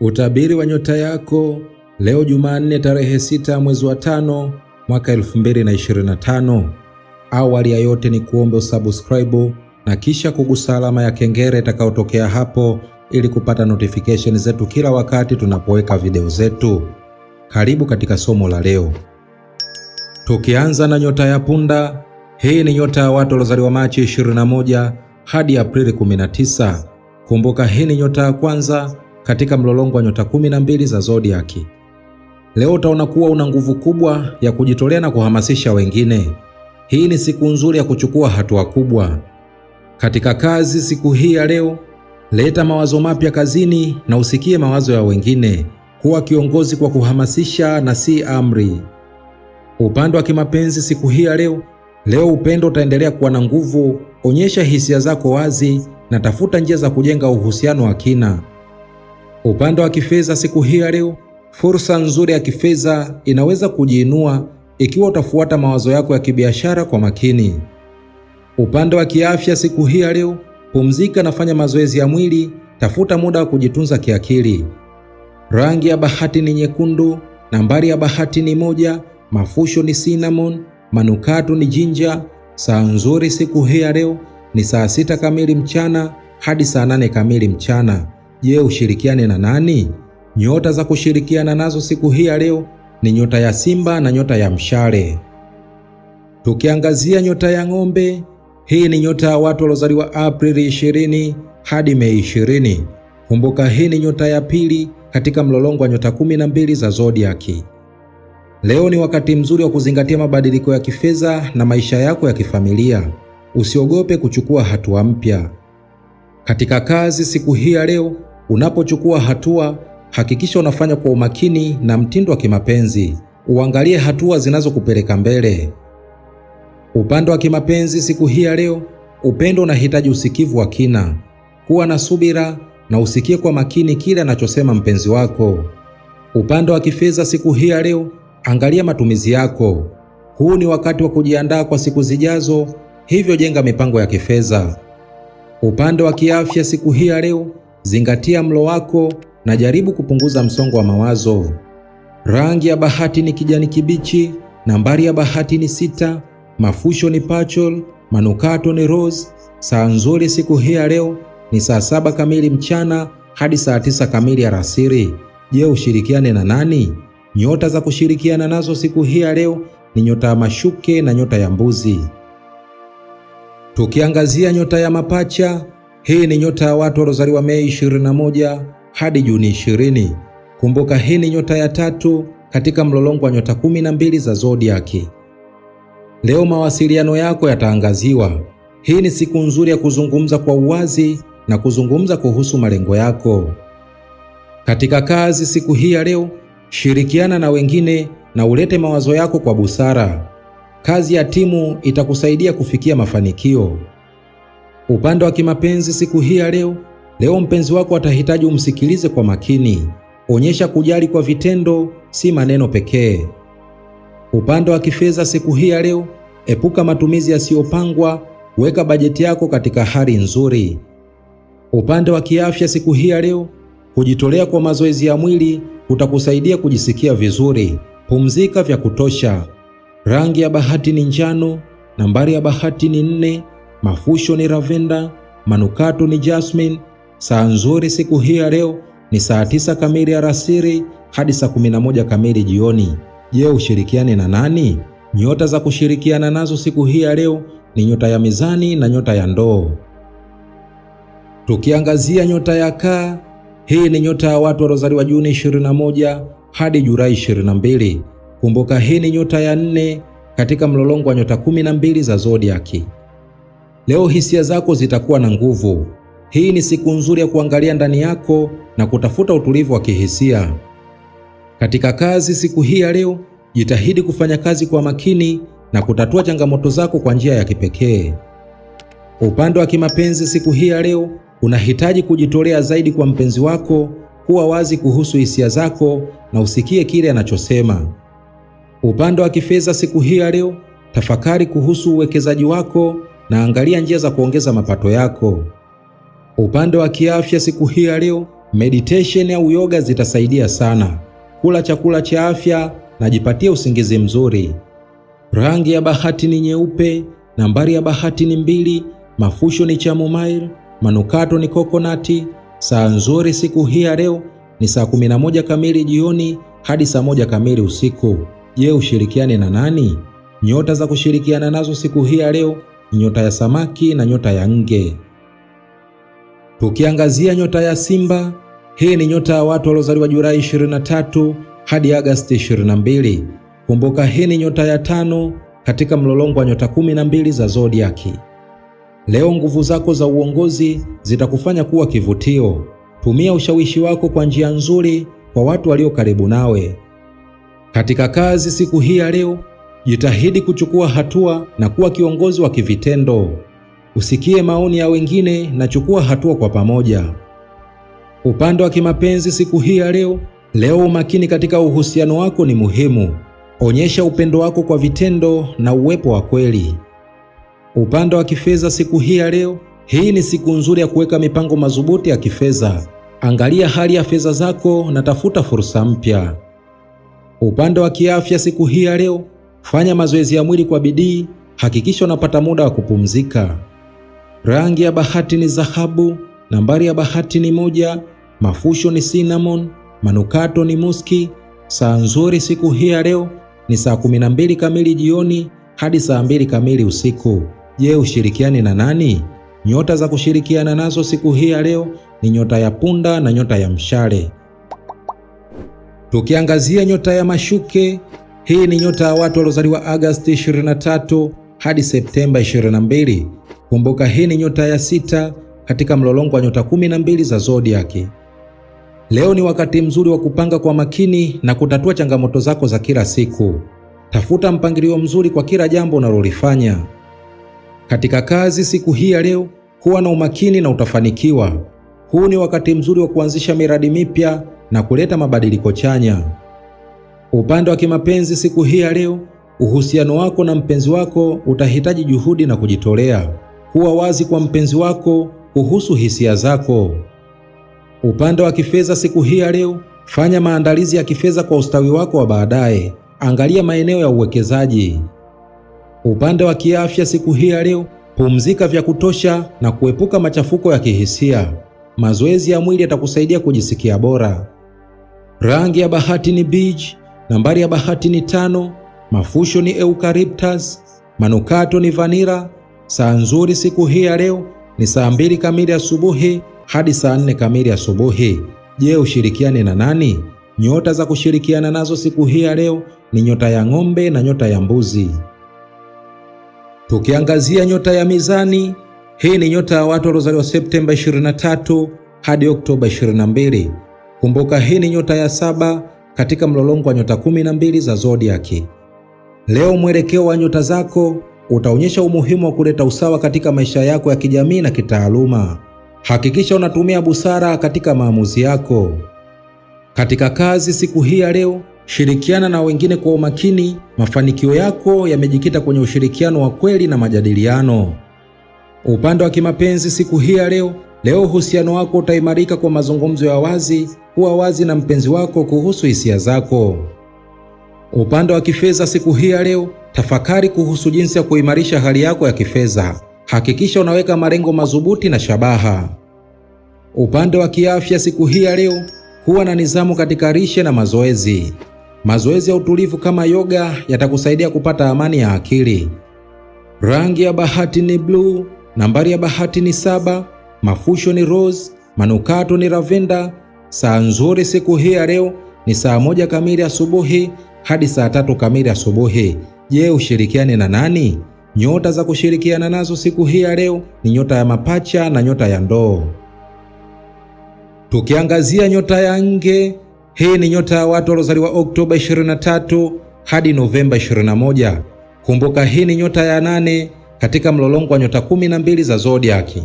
Utabiri wa nyota yako leo Jumanne tarehe 6 mwezi wa tano mwaka 2025. Awali ya yote ni kuombe usubscribe na kisha kugusa alama ya kengele itakayotokea hapo ili kupata notification zetu kila wakati tunapoweka video zetu. Karibu katika somo la leo. Tukianza na nyota ya punda, hii ni nyota ya watu waliozaliwa Machi 21 hadi Aprili 19. Kumbuka hii ni nyota ya kwanza katika mlolongo wa nyota kumi na mbili za zodiaki. Leo utaona kuwa una nguvu kubwa ya kujitolea na kuhamasisha wengine. Hii ni siku nzuri ya kuchukua hatua kubwa katika kazi. Siku hii ya leo, leta mawazo mapya kazini na usikie mawazo ya wengine. Kuwa kiongozi kwa kuhamasisha na si amri. Upande wa kimapenzi siku hii ya leo, leo upendo utaendelea kuwa na nguvu. Onyesha hisia zako wazi na tafuta njia za kujenga uhusiano wa kina. Upande wa kifedha siku hii ya leo, fursa nzuri ya kifedha inaweza kujiinua ikiwa utafuata mawazo yako ya kibiashara kwa makini. Upande wa kiafya siku hii ya leo, pumzika na fanya mazoezi ya mwili, tafuta muda wa kujitunza kiakili. Rangi ya bahati ni nyekundu, nambari ya bahati ni moja, mafusho ni cinnamon, manukato ni jinja. Saa nzuri siku hii ya leo ni saa sita kamili mchana hadi saa nane kamili mchana. Je, ushirikiane na nani? Nyota za kushirikiana nazo siku hii ya leo ni nyota ya Simba na nyota ya Mshale. Tukiangazia nyota ya Ng'ombe, hii ni nyota ya watu waliozaliwa Aprili 20 hadi Mei 20. Kumbuka, hii ni nyota ya pili katika mlolongo wa nyota 12 za zodiaki. Leo ni wakati mzuri wa kuzingatia mabadiliko ya kifedha na maisha yako ya kifamilia. Usiogope kuchukua hatua mpya katika kazi siku hii ya leo. Unapochukua hatua, hakikisha unafanya kwa umakini na mtindo wa kimapenzi. Uangalie hatua zinazokupeleka mbele. Upande wa kimapenzi siku hii ya leo, upendo unahitaji usikivu wa kina. Kuwa na subira na usikie kwa makini kile anachosema mpenzi wako. Upande wa kifedha siku hii ya leo, angalia matumizi yako. Huu ni wakati wa kujiandaa kwa siku zijazo, hivyo jenga mipango ya kifedha. Upande wa kiafya siku hii ya leo, Zingatia mlo wako na jaribu kupunguza msongo wa mawazo. Rangi ya bahati ni kijani kibichi, nambari ya bahati ni sita, mafusho ni pachol, manukato ni rose. Saa nzuri siku hii ya leo ni saa saba kamili mchana hadi saa tisa kamili alasiri. Je, ushirikiane na nani? Nyota za kushirikiana nazo siku hii ya leo ni nyota ya mashuke na nyota ya mbuzi. Tukiangazia nyota ya mapacha hii ni nyota ya watu waliozaliwa Mei 21 hadi Juni 20. Kumbuka hii ni nyota ya tatu katika mlolongo wa nyota 12 za zodiaki. Leo mawasiliano yako yataangaziwa. Hii ni siku nzuri ya kuzungumza kwa uwazi na kuzungumza kuhusu malengo yako. Katika kazi siku hii ya leo, shirikiana na wengine na ulete mawazo yako kwa busara. Kazi ya timu itakusaidia kufikia mafanikio. Upande wa kimapenzi siku hii ya leo, leo mpenzi wako atahitaji umsikilize kwa makini. Onyesha kujali kwa vitendo, si maneno pekee. Upande wa kifedha siku hii ya leo, epuka matumizi yasiyopangwa, weka bajeti yako katika hali nzuri. Upande wa kiafya siku hii ya leo, kujitolea kwa mazoezi ya mwili kutakusaidia kujisikia vizuri. Pumzika vya kutosha. Rangi ya bahati ni njano. Nambari ya bahati ni nne. Mafusho ni Ravenda, manukato ni Jasmine. Saa nzuri siku hii ya leo ni saa tisa kamili alasiri hadi saa 11 kamili jioni. Je, ushirikiane na nani? Nyota za kushirikiana nazo siku hii ya leo ni nyota ya mizani na nyota ya ndoo. Tukiangazia nyota ya kaa, hii ni nyota ya watu waliozaliwa Juni 21 hadi Julai 22. Kumbuka hii ni nyota ya nne katika mlolongo wa nyota 12 za zodiaki. Leo hisia zako zitakuwa na nguvu. Hii ni siku nzuri ya kuangalia ndani yako na kutafuta utulivu wa kihisia. Katika kazi siku hii ya leo, jitahidi kufanya kazi kwa makini na kutatua changamoto zako kwa njia ya kipekee. Upande wa kimapenzi siku hii ya leo, unahitaji kujitolea zaidi kwa mpenzi wako. Kuwa wazi kuhusu hisia zako na usikie kile anachosema. Upande wa kifedha siku hii ya leo, tafakari kuhusu uwekezaji wako na angalia njia za kuongeza mapato yako. Upande wa kiafya, siku hii ya leo, meditation au yoga zitasaidia sana. Kula chakula cha afya na jipatie usingizi mzuri. Rangi ya bahati ni nyeupe. Nambari ya bahati ni mbili. Mafusho ni chamomile, manukato ni kokonati. Saa nzuri siku hii ya leo ni saa 11 kamili jioni hadi saa moja kamili usiku. Je, ushirikiane na nani? Nyota za kushirikiana nazo siku hii ya leo nyota ya samaki na nyota ya nge. Tukiangazia nyota ya Simba, hii ni nyota ya watu waliozaliwa Julai 23 hadi Agosti 22. Kumbuka, hii ni nyota ya tano katika mlolongo wa nyota 12 za zodiaki. Leo nguvu zako za uongozi zitakufanya kuwa kivutio. Tumia ushawishi wako kwa njia nzuri kwa watu walio karibu nawe. Katika kazi siku hii ya leo, Jitahidi kuchukua hatua na kuwa kiongozi wa kivitendo. Usikie maoni ya wengine na chukua hatua kwa pamoja. Upande wa kimapenzi siku hii ya leo, leo umakini katika uhusiano wako ni muhimu. Onyesha upendo wako kwa vitendo na uwepo wa kweli. Upande wa kifedha siku hii ya leo, hii ni siku nzuri ya kuweka mipango madhubuti ya kifedha. Angalia hali ya fedha zako na tafuta fursa mpya. Upande wa kiafya siku hii ya leo, Fanya mazoezi ya mwili kwa bidii, hakikisha unapata muda wa kupumzika. Rangi ya bahati ni dhahabu, nambari ya bahati ni moja, mafusho ni cinnamon, manukato ni muski. Saa nzuri siku hii ya leo ni saa 12 kamili jioni hadi saa 2 kamili usiku. Je, ushirikiani na nani? Nyota za kushirikiana nazo siku hii ya leo ni nyota ya punda na nyota ya mshale. Tukiangazia nyota ya mashuke, hii ni nyota ya watu waliozaliwa Agosti 23 hadi Septemba 22. Kumbuka, hii ni nyota ya sita katika mlolongo wa nyota 12 za zodiaki. Leo ni wakati mzuri wa kupanga kwa makini na kutatua changamoto zako za kila siku. Tafuta mpangilio mzuri kwa kila jambo unalolifanya. Katika kazi siku hii ya leo, kuwa na umakini na utafanikiwa. Huu ni wakati mzuri wa kuanzisha miradi mipya na kuleta mabadiliko chanya. Upande wa kimapenzi siku hii ya leo, uhusiano wako na mpenzi wako utahitaji juhudi na kujitolea. Kuwa wazi kwa mpenzi wako kuhusu hisia zako. Upande wa kifedha siku hii ya leo, fanya maandalizi ya kifedha kwa ustawi wako wa baadaye. Angalia maeneo ya uwekezaji. Upande wa kiafya siku hii ya leo, pumzika vya kutosha na kuepuka machafuko ya kihisia. Mazoezi ya mwili yatakusaidia kujisikia bora. Rangi ya bahati ni beige. Nambari ya bahati ni tano, mafusho ni eucalyptus, manukato ni vanira. Saa nzuri siku hii ya leo ni saa mbili kamili asubuhi hadi saa nne kamili asubuhi. Je, ushirikiane na nani? Nyota za kushirikiana nazo siku hii ya leo ni nyota ya ng'ombe na nyota ya mbuzi. Tukiangazia nyota ya Mizani, hii ni nyota ya watu waliozaliwa Septemba 23 hadi Oktoba 22. Kumbuka, hii ni nyota ya saba katika mlolongo wa nyota kumi na mbili za zodiaki. Leo mwelekeo wa nyota zako utaonyesha umuhimu wa kuleta usawa katika maisha yako ya kijamii na kitaaluma. Hakikisha unatumia busara katika maamuzi yako. Katika kazi siku hii ya leo, shirikiana na wengine kwa umakini. Mafanikio yako yamejikita kwenye ushirikiano wa kweli na majadiliano. Upande wa kimapenzi siku hii ya leo, Leo uhusiano wako utaimarika kwa mazungumzo ya wazi. Kuwa wazi na mpenzi wako kuhusu hisia zako. Upande wa kifedha siku hii ya leo, tafakari kuhusu jinsi ya kuimarisha hali yako ya kifedha. Hakikisha unaweka malengo madhubuti na shabaha. Upande wa kiafya siku hii ya leo, kuwa na nidhamu katika lishe na mazoezi. Mazoezi ya utulivu kama yoga yatakusaidia kupata amani ya akili. Rangi ya bahati ni bluu. Nambari ya bahati ni saba mafusho ni Rose, manukato ni Ravenda. Saa nzuri siku hii ya leo ni saa moja kamili asubuhi hadi saa tatu kamili asubuhi. Je, ushirikiane na nani? Nyota za kushirikiana nazo siku hii ya leo ni nyota ya mapacha na nyota ya ndoo. Tukiangazia nyota ya nge, hii ni nyota ya watu waliozaliwa Oktoba 23 hadi Novemba 21. Kumbuka hii ni nyota ya nane katika mlolongo wa nyota 12 za zodiaki.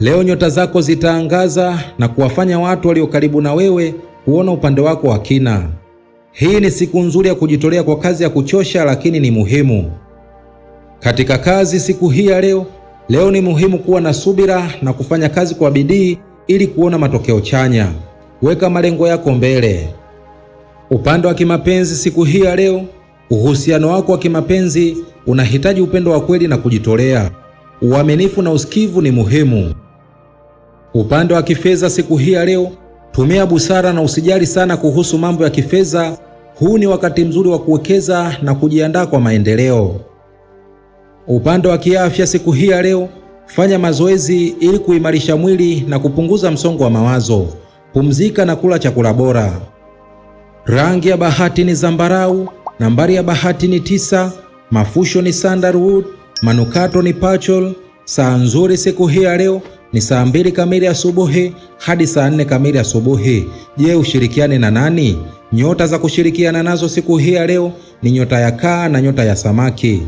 Leo nyota zako zitaangaza na kuwafanya watu walio karibu na wewe kuona upande wako wa kina. Hii ni siku nzuri ya kujitolea kwa kazi ya kuchosha lakini ni muhimu. Katika kazi siku hii ya leo, leo ni muhimu kuwa na subira na kufanya kazi kwa bidii ili kuona matokeo chanya. Weka malengo yako mbele. Upande wa kimapenzi siku hii ya leo, uhusiano wako wa kimapenzi unahitaji upendo wa kweli na kujitolea. Uaminifu na usikivu ni muhimu. Upande wa kifedha siku hii ya leo, tumia busara na usijali sana kuhusu mambo ya kifedha. Huu ni wakati mzuri wa kuwekeza na kujiandaa kwa maendeleo. Upande wa kiafya siku hii ya leo, fanya mazoezi ili kuimarisha mwili na kupunguza msongo wa mawazo. Pumzika na kula chakula bora. Rangi ya bahati ni zambarau. Nambari ya bahati ni tisa. Mafusho ni sandalwood. Manukato ni pachol. Saa nzuri siku hii ya leo ni saa mbili kamili asubuhi hadi saa nne kamili asubuhi. Je, ushirikiane na nani? Nyota za kushirikiana nazo siku hii ya leo ni nyota ya kaa na nyota ya samaki.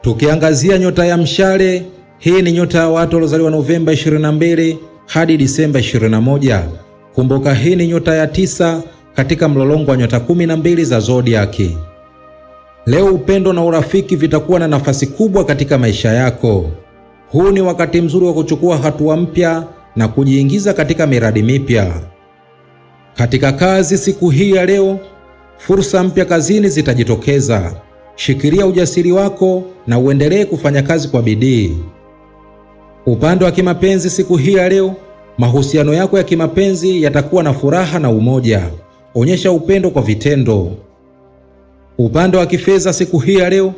Tukiangazia nyota ya mshale, hii ni nyota ya watu waliozaliwa Novemba 22 hadi Disemba 21. Kumbuka, hii ni nyota ya tisa katika mlolongo wa nyota kumi na mbili za zodiaki. Leo upendo na urafiki vitakuwa na nafasi kubwa katika maisha yako. Huu ni wakati mzuri wa kuchukua hatua mpya na kujiingiza katika miradi mipya. Katika kazi siku hii ya leo, fursa mpya kazini zitajitokeza. Shikilia ujasiri wako na uendelee kufanya kazi kwa bidii. Upande wa kimapenzi siku hii ya leo, mahusiano yako ya kimapenzi yatakuwa na furaha na umoja. Onyesha upendo kwa vitendo. Upande wa kifedha siku hii ya leo,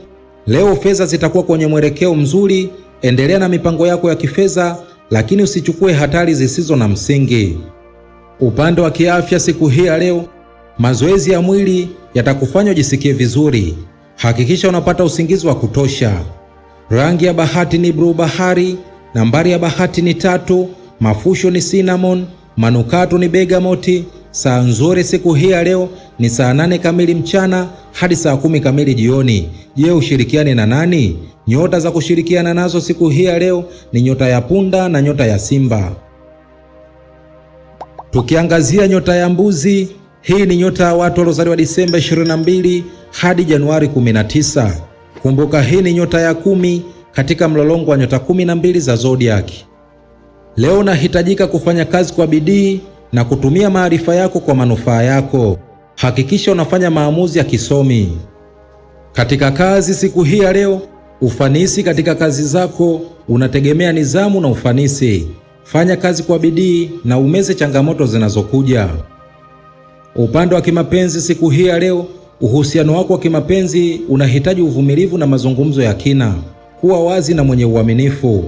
leo fedha zitakuwa kwenye mwelekeo mzuri endelea na mipango yako ya kifedha, lakini usichukue hatari zisizo na msingi. Upande wa kiafya, siku hii ya leo, mazoezi ya mwili yatakufanya ujisikie vizuri. Hakikisha unapata usingizi wa kutosha. Rangi ya bahati ni bluu bahari. Nambari ya bahati ni tatu. Mafusho ni cinnamon. Manukato ni begamoti. Saa nzuri siku hii ya leo ni saa nane kamili mchana hadi saa kumi kamili jioni. Je, ushirikiane na nani? Nyota za kushirikiana nazo siku hii ya leo ni nyota ya punda na nyota ya simba. Tukiangazia nyota ya mbuzi, hii ni nyota ya watu waliozaliwa Disemba 22 hadi Januari 19. Kumbuka hii ni nyota ya kumi katika mlolongo wa nyota 12 za zodiac. Leo unahitajika kufanya kazi kwa bidii na kutumia maarifa yako kwa manufaa yako. Hakikisha unafanya maamuzi ya kisomi katika kazi. Siku hii ya leo, ufanisi katika kazi zako unategemea nidhamu na ufanisi. Fanya kazi kwa bidii na umeze changamoto zinazokuja. Upande wa kimapenzi, siku hii ya leo, uhusiano wako wa kimapenzi unahitaji uvumilivu na mazungumzo ya kina. Kuwa wazi na mwenye uaminifu.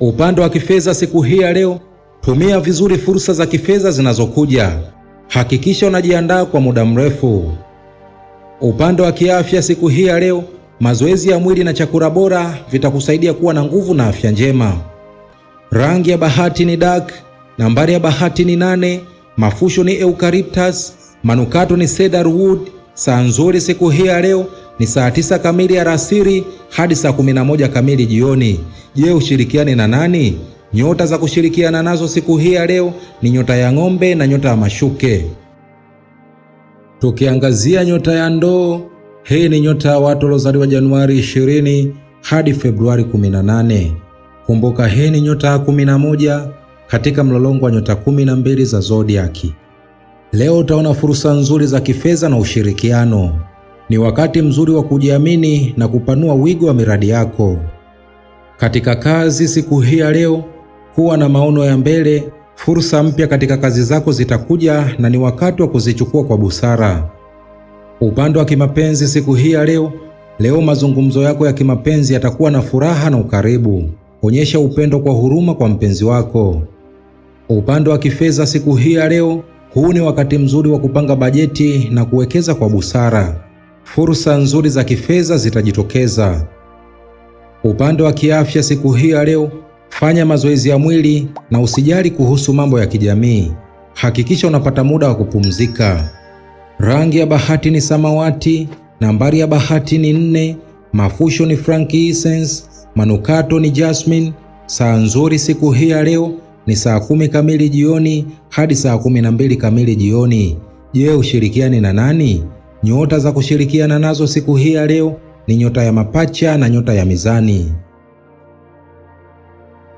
Upande wa kifedha, siku hii ya leo, tumia vizuri fursa za kifedha zinazokuja. Hakikisha unajiandaa kwa muda mrefu. Upande wa kiafya, siku hii ya leo, mazoezi ya mwili na chakula bora vitakusaidia kuwa na nguvu na afya njema. Rangi ya bahati ni dark, nambari ya bahati ni nane, mafusho ni eucalyptus, manukato ni cedarwood. wood. Saa nzuri siku hii ya leo ni saa tisa kamili alasiri hadi saa kumi na moja kamili jioni. Je, ushirikiane na nani? Nyota za kushirikiana nazo siku hii ya leo ni nyota ya ng'ombe na nyota ya mashuke. Tukiangazia nyota ya ndoo, hii ni nyota ya watu waliozaliwa Januari 20 hadi Februari 18. Kumbuka hii ni nyota ya 11 katika mlolongo wa nyota 12 za zodiaki. Leo utaona fursa nzuri za kifedha na ushirikiano. Ni wakati mzuri wa kujiamini na kupanua wigo wa miradi yako. Katika kazi siku hii ya leo kuwa na maono ya mbele, fursa mpya katika kazi zako zitakuja na ni wakati wa kuzichukua kwa busara. Upande wa kimapenzi siku hii ya leo, leo mazungumzo yako ya kimapenzi yatakuwa na furaha na ukaribu. Onyesha upendo kwa huruma kwa mpenzi wako. Upande wa kifedha siku hii ya leo, huu ni wakati mzuri wa kupanga bajeti na kuwekeza kwa busara. Fursa nzuri za kifedha zitajitokeza. Upande wa kiafya siku hii ya leo, Fanya mazoezi ya mwili na usijali kuhusu mambo ya kijamii. Hakikisha unapata muda wa kupumzika. Rangi ya bahati ni samawati, nambari ya bahati ni nne, mafusho ni frankincense, manukato ni jasmine. Saa nzuri siku hii ya leo ni saa kumi kamili jioni hadi saa kumi na mbili kamili jioni. Je, ushirikiani na nani? Nyota za kushirikiana nazo siku hii ya leo ni nyota ya mapacha na nyota ya mizani.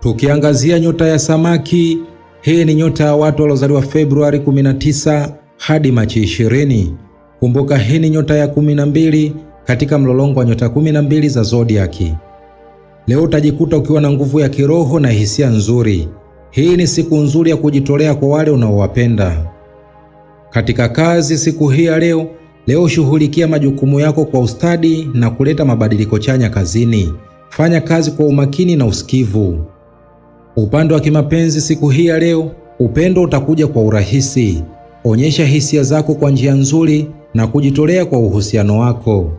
Tukiangazia nyota ya samaki, hii ni nyota ya watu waliozaliwa Februari 19 hadi Machi 20. Kumbuka, hii ni nyota ya 12 katika mlolongo wa nyota 12 za zodiaki. Leo utajikuta ukiwa na nguvu ya kiroho na hisia nzuri. Hii ni siku nzuri ya kujitolea kwa wale unaowapenda. Katika kazi siku hii ya leo, leo shughulikia majukumu yako kwa ustadi na kuleta mabadiliko chanya kazini. Fanya kazi kwa umakini na usikivu. Upande wa kimapenzi siku hii ya leo, upendo utakuja kwa urahisi. Onyesha hisia zako kwa njia nzuri na kujitolea kwa uhusiano wako.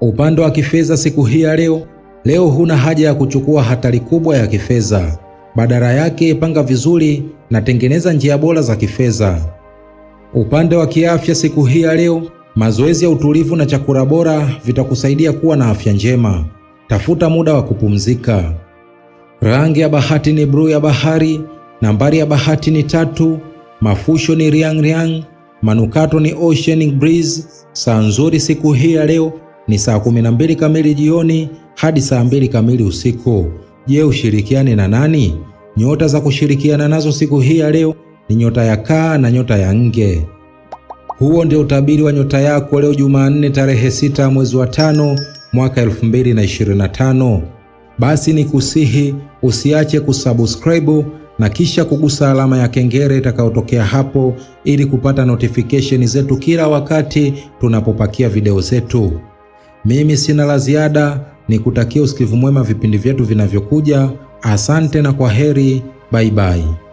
Upande wa kifedha siku hii ya leo, leo huna haja ya kuchukua hatari kubwa ya kifedha. Badala yake, panga vizuri na tengeneza njia bora za kifedha. Upande wa kiafya siku hii ya leo, mazoezi ya utulivu na chakula bora vitakusaidia kuwa na afya njema. Tafuta muda wa kupumzika. Rangi ya bahati ni bluu ya bahari. Nambari ya bahati ni tatu. Mafusho ni riang riang. Manukato ni ocean breeze. Saa nzuri siku hii ya leo ni saa 12 kamili jioni hadi saa mbili kamili usiku. Je, ushirikiane na nani? Nyota za kushirikiana nazo siku hii ya leo ni nyota ya kaa na nyota ya nge. Huo ndio utabiri wa nyota yako leo Jumanne tarehe sita mwezi wa tano mwaka 2025. Basi kusihi usiache kusubscribe na kisha kugusa alama ya kengele itakayotokea hapo ili kupata notification zetu kila wakati tunapopakia video zetu. Mimi sina la ziada, ni kutakia usikivu mwema vipindi vyetu vinavyokuja. Asante na kwa heri, baibai.